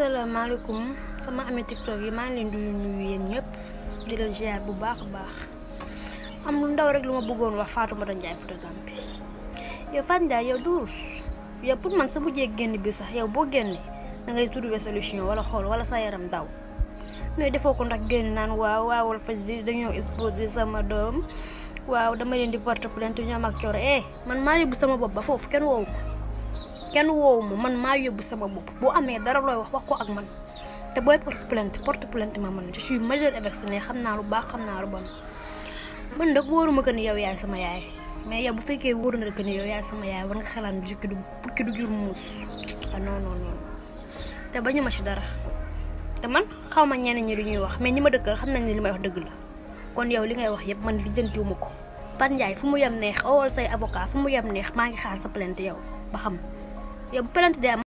assalamualaikum sama amee tiktok yi ma ngi leen di nuyu yeen ñëpp di leen ziar bu baax baax am lu ndaw rek luma ya, bëggoon wax da Ndiaye Fouta gambi yow fan da yow dur yow pour man sa jé génn bi sax yow bo génnee da ngay tuddu solution ya, wala xol wala sa yaram daw mais defoo ko ndax génn naan waaw waaw wala faj dañu exposer sama dom. waaw dama leen di porte plainte ñu ak eh man ma yóbbu sama bop ba fofu kenn woowu kenn woowu ma man maa yóbbu sama bopp boo amee dara looy wax wax ko ak man te booy porte plainte porte plainte ma man je suis majeure et vaccinée xam naa lu baax xam naa lu bon man nag wóoruma que ni yow yaay sama yaay mais yow bu fekkee wóor na que ni yow yaay sama yaay war nga xalaat ne jukki du bukki du jur muus ah non non non te bañu ma ci dara te man xaw ma ñeneen ñi lu ñuy wax mais ñi ma dëkkal xam nañ ne li may wax dëgg la kon yow li ngay wax yëpp man lijjantiwuma ko Pape Ndiaye fu mu yem neex owal say avocat fu mu yem neex maa ngi xaar sa plainte yow ba xam Eu perante them.